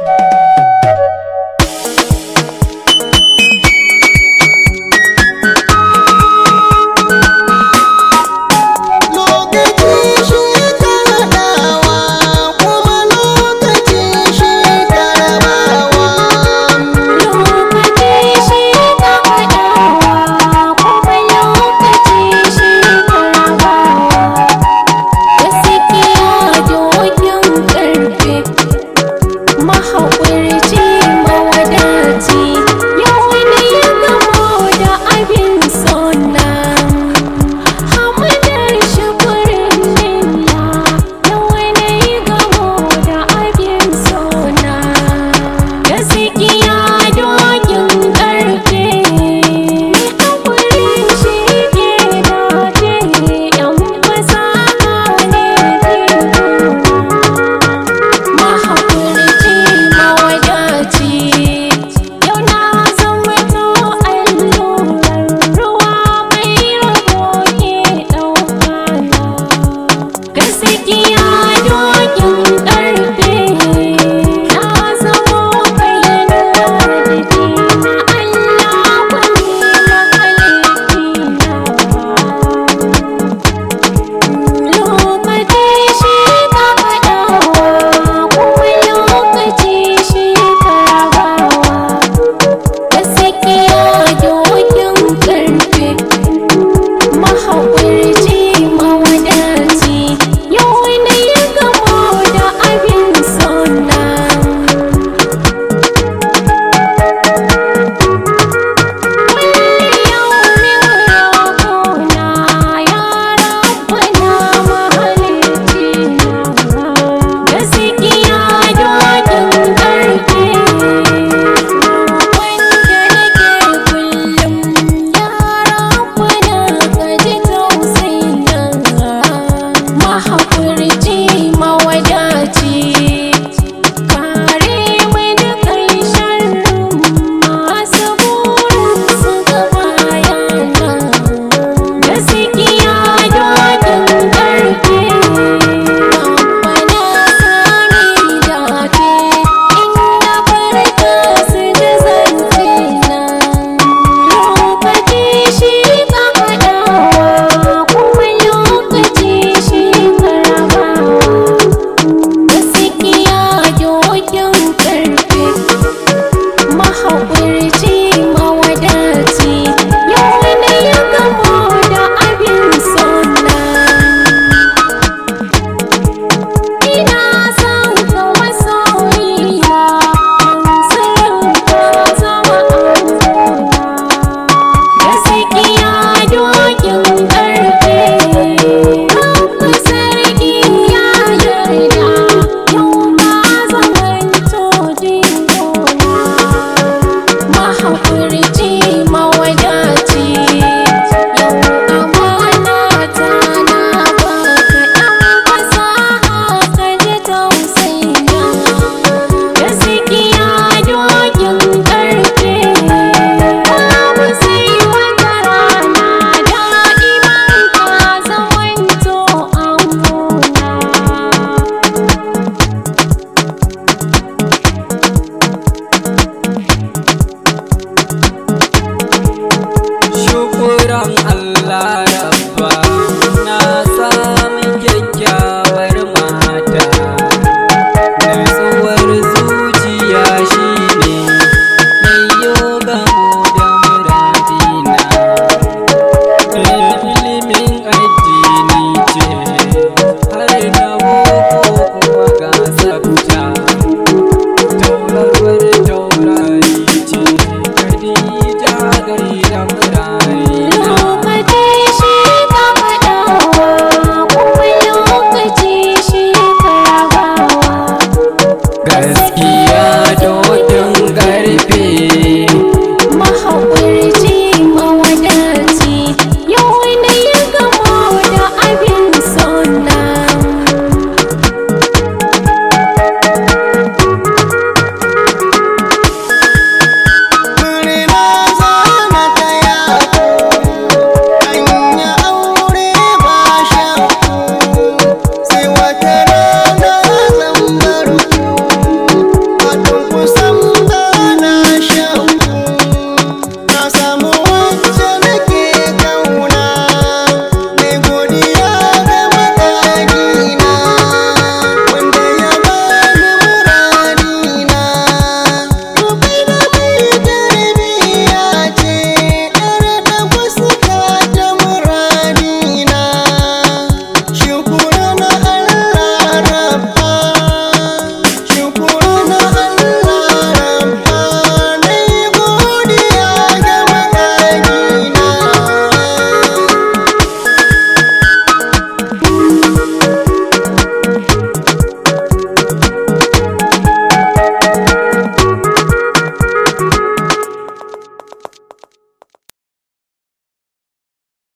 Thank you. 好朋友。I'm pretty kiran Allah